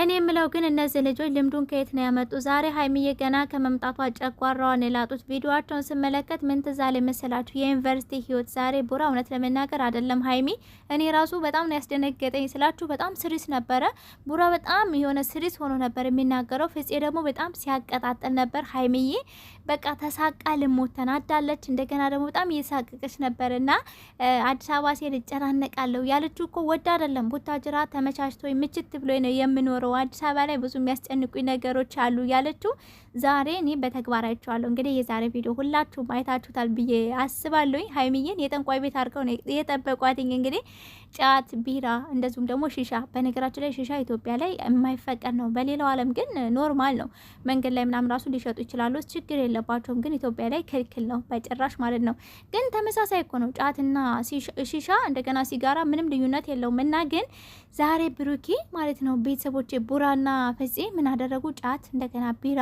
እኔ የምለው ግን እነዚህ ልጆች ልምዱን ከየት ነው ያመጡ? ዛሬ ሀይሚዬ ገና ከመምጣቷ ጨጓራዋን የላጡት ቪዲዮቸውን ስመለከት ምን ትዝ አለኝ መሰላችሁ? የዩኒቨርሲቲ ህይወት። ዛሬ ቡራ፣ እውነት ለመናገር አይደለም ሀይሚ፣ እኔ ራሱ በጣም ነው ያስደነገጠኝ ስላችሁ፣ በጣም ስሪስ ነበረ ቡራ። በጣም የሆነ ስሪስ ሆኖ ነበር የሚናገረው። ፍጼ ደግሞ በጣም ሲያቀጣጥል ነበር። ሀይሚዬ በቃ ተሳቃ ልሞት ተናዳለች። እንደገና ደግሞ በጣም እየሳቀቀች ነበር እና አዲስ አበባ ሴት እጨናነቃለሁ ያለችው እኮ ወድ አይደለም። ቡታጅራ ተመቻችቶ ምችት ብሎ ነው የምኖር ኖሮ አዲስ አበባ ላይ ብዙ የሚያስጨንቁኝ ነገሮች አሉ ያለችው ዛሬ እኔ በተግባር አይቼዋለሁ። እንግዲህ የዛሬ ቪዲዮ ሁላችሁ አይታችሁታል ብዬ አስባለሁኝ። ሀይሚዬን የጠንቋይ ቤት አድርገው ነው የጠበቋትኝ። እንግዲህ ጫት፣ ቢራ እንደዚሁም ደግሞ ሺሻ፣ በነገራችን ላይ ሺሻ ኢትዮጵያ ላይ የማይፈቀድ ነው። በሌላው ዓለም ግን ኖርማል ነው። መንገድ ላይ ምናምን ራሱ ሊሸጡ ይችላሉ፣ ችግር የለባቸውም። ግን ኢትዮጵያ ላይ ክልክል ነው በጭራሽ ማለት ነው። ግን ተመሳሳይ እኮ ነው ጫትና ሺሻ እንደገና ሲጋራ ምንም ልዩነት የለውም እና ግን ዛሬ ብሩኬ ማለት ነው ቤተሰቦች ቡራና ፈጼ ምን አደረጉ? ጫት፣ እንደገና ቢራ፣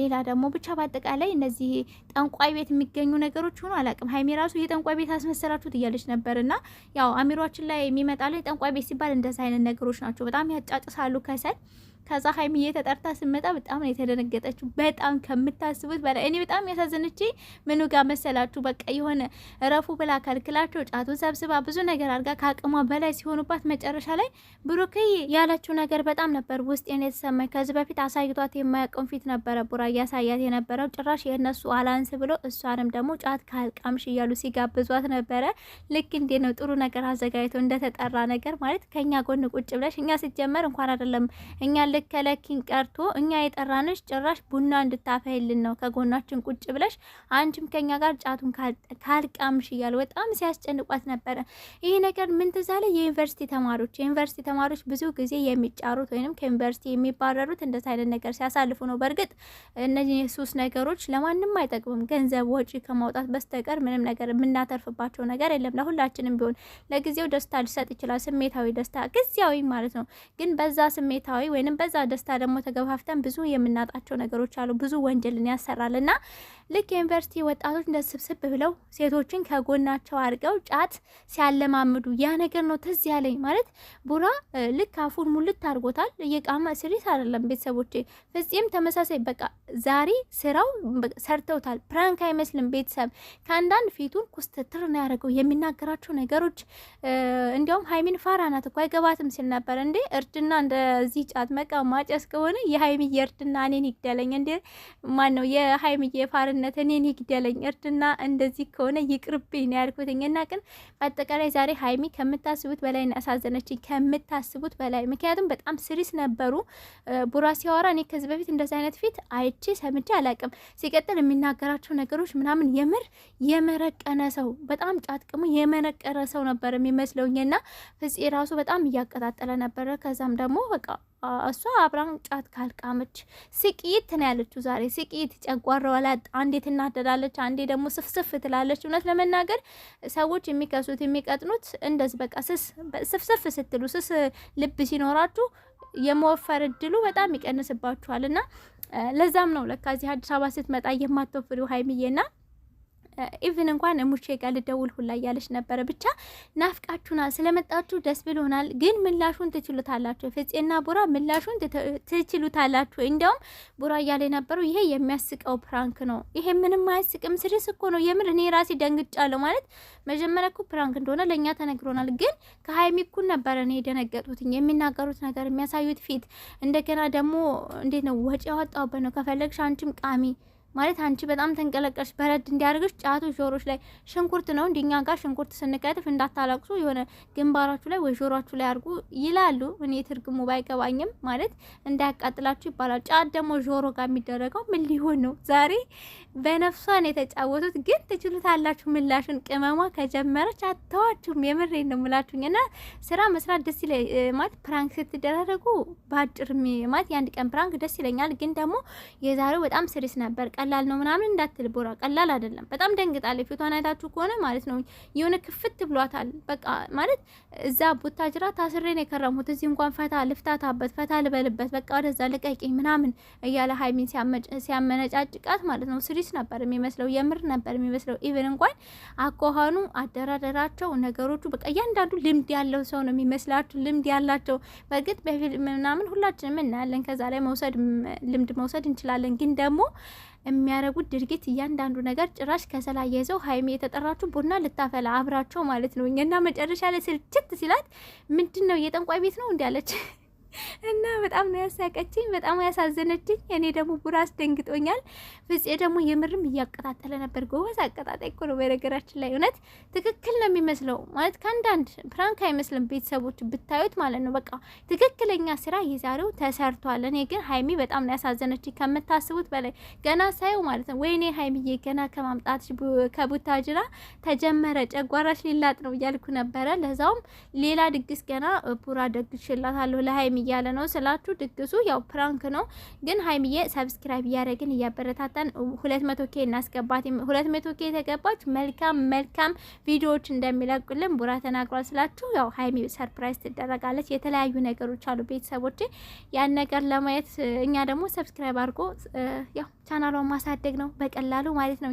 ሌላ ደግሞ ብቻ በአጠቃላይ እነዚህ ጠንቋይ ቤት የሚገኙ ነገሮች ሆኖ አላቅም። ሀይሜ ራሱ የጠንቋይ ቤት አስመሰላችሁት እያለች ነበር። ነበርና ያው አሚሯችን ላይ የሚመጣ ላይ ጠንቋይ ቤት ሲባል እንደዚህ አይነት ነገሮች ናቸው። በጣም ያጫጭሳሉ ከሰል ከዛ ሀይሚዬ ተጠርታ ስመጣ በጣም ነው የተደነገጠችው። በጣም ከምታስቡት በላይ እኔ በጣም ያሳዘነች ምኑ ጋር መሰላችሁ? በቃ የሆነ እረፉ ብላ ከልክላቸው ጫቱን ሰብስባ ብዙ ነገር አድርጋ ከአቅሟ በላይ ሲሆኑባት መጨረሻ ላይ ብሩክይ ያለችው ነገር በጣም ነበር ውስጤን የተሰማኝ። ከዚህ በፊት አሳይቷት የማያውቀውን ፊት ነበረ ቡራ እያሳያት የነበረው። ጭራሽ የእነሱ አላንስ ብሎ እሷንም ደግሞ ጫት ካልቃምሽ እያሉ ሲጋብዟት ነበረ። ልክ እንዴ ነው ጥሩ ነገር አዘጋጅተው እንደተጠራ ነገር ማለት ከእኛ ጎን ቁጭ ብለሽ እኛ ሲጀመር እንኳን አይደለም እኛ ልከለኪን ቀርቶ እኛ የጠራንሽ ጭራሽ ቡና እንድታፈይልን ነው ከጎናችን ቁጭ ብለሽ አንቺም ከኛ ጋር ጫቱን ካልቃምሽ እያሉ በጣም ሲያስጨንቋት ነበረ። ይህ ነገር ምን ትዛለ? የዩኒቨርሲቲ ተማሪዎች የዩኒቨርሲቲ ተማሪዎች ብዙ ጊዜ የሚጫሩት ወይም ከዩኒቨርሲቲ የሚባረሩት እንደዚ አይነት ነገር ሲያሳልፉ ነው። በእርግጥ እነዚህ የሱስ ነገሮች ለማንም አይጠቅሙም። ገንዘብ ወጪ ከማውጣት በስተቀር ምንም ነገር የምናተርፍባቸው ነገር የለም። ለሁላችንም ቢሆን ለጊዜው ደስታ ሊሰጥ ይችላል፣ ስሜታዊ ደስታ ጊዜያዊ ማለት ነው። ግን በዛ ስሜታዊ ወይም በዛ ደስታ ደግሞ ተገፋፍተን ብዙ የምናጣቸው ነገሮች አሉ። ብዙ ወንጀልን ያሰራል እና ልክ የዩኒቨርሲቲ ወጣቶች እንደ ስብስብ ብለው ሴቶችን ከጎናቸው አድርገው ጫት ሲያለማምዱ ያ ነገር ነው ትዝ ያለኝ። ማለት ቡራ ልክ አፉን ሙልት አድርጎታል። እየቃማ ስሪት አይደለም ቤተሰቦቼ፣ ፍጹም ተመሳሳይ በቃ ዛሬ ስራው ሰርተውታል። ፕራንክ አይመስልም ቤተሰብ። ከአንዳንድ ፊቱን ኩስትትር ነው ያደረገው የሚናገራቸው ነገሮች። እንዲያውም ሀይሚን ፋራ ናት እኮ አይገባትም ሲል ነበር። እንዴ እርድና እንደዚህ ጫት መቅ በቃ ማጨስ ከሆነ የሀይምዬ እርድና እኔን ይግደለኝ። እንዴ ማን ነው የሀይምዬ ፋርነት እኔን ይግደለኝ። እርድና እንደዚህ ከሆነ ይቅርብኝ ነው ያልኩትኝ። እና ግን በአጠቃላይ ዛሬ ሀይሚ ከምታስቡት በላይ ነው ያሳዘነችኝ፣ ከምታስቡት በላይ ምክንያቱም በጣም ስሪስ ነበሩ። ቡራ ሲያወራ እኔ ከዚህ በፊት እንደዚህ አይነት ፊት አይቼ ሰምቼ አላቅም። ሲቀጥል የሚናገራቸው ነገሮች ምናምን የምር የመረቀነ ሰው በጣም ጫጥቅሙ የመረቀረ ሰው ነበር የሚመስለውኝ። እና ፍጽ ራሱ በጣም እያቀጣጠለ ነበረ። ከዛም ደግሞ በቃ እሷ አብራም ጫት ካልቃመች ስቅይት ነው ያለችው። ዛሬ ስቅይት ጨጓራዋ ላይ አንዴ ትናደዳለች፣ አንዴ ደግሞ ስፍስፍ ትላለች። እውነት ለመናገር ሰዎች የሚከሱት የሚቀጥኑት እንደዚህ በቃ ስፍስፍ ስትሉ ስስ ልብ ሲኖራችሁ የመወፈር እድሉ በጣም ይቀንስባችኋል። እና ለዛም ነው ለካ እዚህ አዲስ አበባ ስትመጣ የማትወፍሪው ሀይሚዬና ኢቭን እንኳን ሙቼ ጋር ልደውል ሁላ እያለች ነበረ። ብቻ ናፍቃችሁናል፣ ስለመጣችሁ ደስ ብሎናል። ግን ምላሹን ትችሉታላችሁ፣ ፍጼና ቡራ ምላሹን ትችሉታላችሁ። እንዲያውም ቡራ እያለ የነበረው ይሄ የሚያስቀው ፕራንክ ነው፣ ይሄ ምንም አያስቅም፣ ስድስ እኮ ነው። የምር እኔ ራሴ ደንግጫለሁ። ማለት መጀመሪያ እኮ ፕራንክ እንደሆነ ለእኛ ተነግሮናል። ግን ከሀይሚ እኩል ነበረ እኔ የደነገጥኩት፣ የሚናገሩት ነገር፣ የሚያሳዩት ፊት። እንደገና ደግሞ እንዴት ነው ወጪ ያወጣውበት ነው ከፈለግሽ አንቺም ቃሚ ማለት አንቺ በጣም ተንቀለቀልሽ፣ በረድ እንዲያደርግሽ ጫቱ ጆሮች ላይ ሽንኩርት ነው እንዲኛ ጋር ሽንኩርት ስንቀጥፍ እንዳታላቅሱ የሆነ ግንባራችሁ ላይ ወይ ጆሮችሁ ላይ አድርጉ ይላሉ። እኔ ትርጉሙ ባይገባኝም ማለት እንዳያቃጥላችሁ ይባላል። ጫት ደግሞ ጆሮ ጋር የሚደረገው ምን ሊሆን ነው? ዛሬ በነፍሷን የተጫወቱት ግን ትችሉታላችሁ። ምላሽን ቅመሟ ከጀመረች አተዋችሁም። የምሬ ነው ምላችሁኝ እና ስራ መስራት ደስ ይለ ማለት ፕራንክ ስትደረጉ በአጭር ማለት የአንድ ቀን ፕራንክ ደስ ይለኛል። ግን ደግሞ የዛሬው በጣም ስሪስ ነበር። ቀላል ነው ምናምን እንዳትል ቦራ፣ ቀላል አይደለም። በጣም ደንግጣለች። ፊቷን አይታችሁ ከሆነ ማለት ነው የሆነ ክፍት ብሏታል። በቃ ማለት እዛ ቦታጅራ ታስሬ ነው የከረምኩት፣ እዚህ እንኳን ፈታ ልፍታታበት፣ ፈታ ልበልበት፣ በቃ ወደዛ ልቀቂኝ ምናምን እያለ ሀይሚን ሲያመነጫጭቃት ማለት ነው ስሪስ ነበር የሚመስለው፣ የምር ነበር የሚመስለው። ኢቨን እንኳን አኳኋኑ፣ አደራደራቸው፣ ነገሮቹ በቃ እያንዳንዱ ልምድ ያለው ሰው ነው የሚመስላችሁ፣ ልምድ ያላቸው በእርግጥ በፊልም ምናምን ሁላችንም እናያለን። ከዛ ላይ መውሰድ ልምድ መውሰድ እንችላለን ግን ደግሞ የሚያረጉት ድርጊት እያንዳንዱ ነገር ጭራሽ ከሰላ የዘው ሀይሜ የተጠራችሁ ቡና ልታፈላ አብራቸው ማለት ነው እና መጨረሻ ላይ ስልችት ሲላት ምንድን ነው የጠንቋይ ቤት ነው እንዲ ያለች እና በጣም ነው ያሳቀችኝ፣ በጣም ያሳዘነችኝ። እኔ ደግሞ ቡራ አስደንግጦኛል። ፍፄ ደግሞ የምርም እያቀጣጠለ ነበር። ጎበዝ አቀጣጣይ እኮ ነው። በነገራችን ላይ እውነት ትክክል ነው የሚመስለው ማለት ከአንዳንድ ፕራንክ አይመስልም። ቤተሰቦች ብታዩት ማለት ነው በቃ ትክክለኛ ስራ የዛሬው ተሰርቷል። እኔ ግን ሀይሚ በጣም ነው ያሳዘነችኝ ከምታስቡት በላይ ገና ሳየው ማለት ነው። ወይኔ ሀይሚዬ ገና ከማምጣት ከቡታጅራ ተጀመረ፣ ጨጓራሽ ሊላጥ ነው እያልኩ ነበረ። ለዛውም ሌላ ድግስ ገና ቡራ ደግሽላታለሁ ለሀይሚ እያለ ነው ስላችሁ፣ ድግሱ ያው ፕራንክ ነው። ግን ሀይሚዬ ሰብስክራይብ እያደረግን እያበረታታን ሁለት መቶ ኬ እናስገባት። ሁለት መቶ ኬ የተገባች መልካም መልካም ቪዲዮዎች እንደሚለቁልን ቡራ ተናግሯል ስላችሁ፣ ያው ሀይሚ ሰርፕራይዝ ትደረጋለች። የተለያዩ ነገሮች አሉ ቤተሰቦች፣ ያን ነገር ለማየት እኛ ደግሞ ሰብስክራይብ አድርጎ ያው ቻናሏን ማሳደግ ነው በቀላሉ ማለት ነው።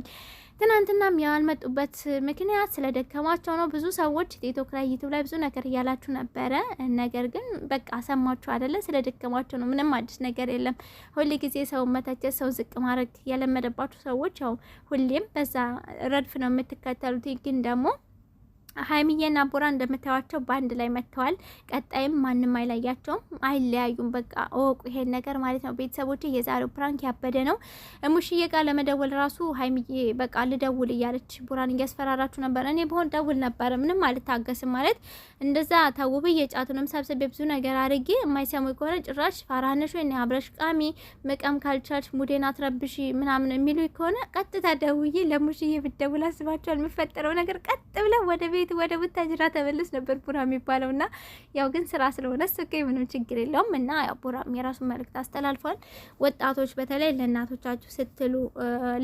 ትናንትና ያልመጡበት ምክንያት ስለደከማቸው ነው። ብዙ ሰዎች ቲክቶክ ላይ ዩቱብ ላይ ብዙ ነገር እያላችሁ ነበረ። ነገር ግን በቃ ሰማችሁ አደለ? ስለደከማቸው ነው። ምንም አዲስ ነገር የለም። ሁሌ ጊዜ ሰው መተቸት፣ ሰው ዝቅ ማድረግ ያለመደባችሁ ሰዎች ያው ሁሌም በዛ ረድፍ ነው የምትከተሉት። ግን ደግሞ ሀይሚዬና ቡራ እንደምታዩቸው በአንድ ላይ መጥተዋል። ቀጣይም ማንም አይለያቸውም፣ አይለያዩም። በቃ እወቁ ይሄን ነገር ማለት ነው። ቤተሰቦች የዛሬው ፕራንክ ያበደ ነው። ሙሽዬ ጋር ለመደወል ራሱ ሀይሚዬ በቃ ልደውል እያለች ቡራን እያስፈራራችሁ ነበር። እኔ በሆን ደውል ነበረ ምንም አልታገስም ማለት እንደዛ ተውብ የጫቱንም ሰብስቤ ብዙ ነገር አድርጌ የማይሰሙ ከሆነ ጭራሽ ፋራነሽ ወይ አብረሽ ቃሚ መቀም ካልቻልሽ ሙዴን አትረብሽ ምናምን የሚሉ ከሆነ ቀጥታ ደውዬ ለሙሽዬ ብደውል አስባቸዋል የምፈጠረው ነገር ቀጥ ብለ ወደ ቤት ወደ ቡታጅራ ተመልስ ነበር ቡራ የሚባለው እና ያው ግን ስራ ስለሆነ ስኬ ምንም ችግር የለውም እና ያው ቡራም የራሱ መልእክት አስተላልፏል። ወጣቶች በተለይ ለእናቶቻችሁ ስትሉ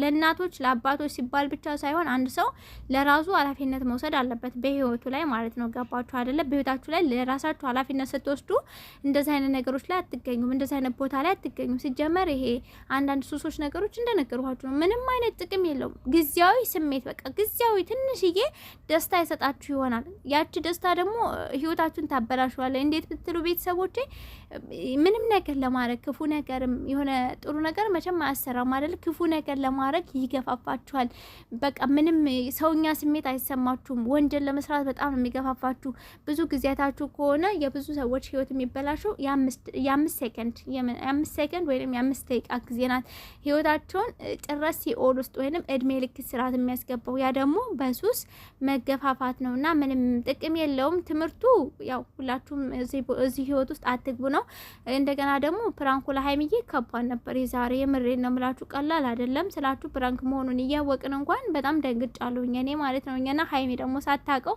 ለእናቶች ለአባቶች ሲባል ብቻ ሳይሆን አንድ ሰው ለራሱ ኃላፊነት መውሰድ አለበት በህይወቱ ላይ ማለት ነው። ገባችሁ አይደለ? በህይወታችሁ ላይ ለራሳችሁ ኃላፊነት ስትወስዱ እንደዚ አይነት ነገሮች ላይ አትገኙም፣ እንደዚ አይነት ቦታ ላይ አትገኙም። ሲጀመር ይሄ አንዳንድ ሱሶች ነገሮች እንደነገርኋችሁ ነው። ምንም አይነት ጥቅም የለውም። ጊዜያዊ ስሜት በቃ ጊዜያዊ ትንሽዬ ደስታ ይሰጣችሁ ይሆናል። ያቺ ደስታ ደግሞ ህይወታችሁን ታበላሸዋለ። እንዴት ብትሉ ቤተሰቦቼ ምንም ነገር ለማድረግ ክፉ ነገርም የሆነ ጥሩ ነገር መቼም አያሰራም አይደል? ክፉ ነገር ለማድረግ ይገፋፋችኋል። በቃ ምንም ሰውኛ ስሜት አይሰማችሁም። ወንጀል ለመስራት በጣም ነው የሚገፋፋችሁ። ብዙ ጊዜያታችሁ ከሆነ የብዙ ሰዎች ህይወት የሚበላሸው የአምስት ሴከንድ የአምስት ሴከንድ ወይም የአምስት ደቂቃ ጊዜ ናት። ህይወታቸውን ጭራሽ ሲኦል ውስጥ ወይንም እድሜ ልክ ስርዓት የሚያስገባው ያ ደግሞ በሱስ መገፋፋት ነው እና ምንም ጥቅም የለውም ትምህርቱ። ያው ሁላችሁም እዚህ ህይወት ውስጥ አትግቡ ነው። እንደገና ደግሞ ፕራንኩ ለሀይምዬ ከባድ ነበር የዛሬ። የምሬ ነው ምላችሁ፣ ቀላል አይደለም ስላችሁ ፕራንክ መሆኑን እያወቅን እንኳን በጣም ደንግጫለሁኝ እኔ ማለት ነው። እኛና ሀይሜ ደግሞ ሳታውቀው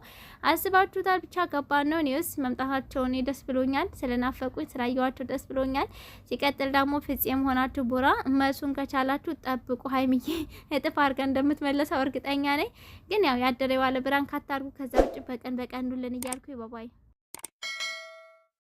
አስባችሁታል። ብቻ ከባድ ነው። እኔስ መምጣታቸው እኔ ደስ ብሎኛል፣ ስለናፈቁኝ ስላየኋቸው ደስ ብሎኛል። ሲቀጥል ደግሞ ፍፄም ሆናችሁ ቦራ መሱን ከቻላችሁ ጠብቁ። ሀይምዬ እጥፍ አድርጋ እንደምትመለሰው እርግጠኛ ነኝ። ግን ያው ያደረ የዋለ ብራንክ አታርጉ። ከዛ ውጭ በቀን በቀን ዱልን እያልኩ ባባይ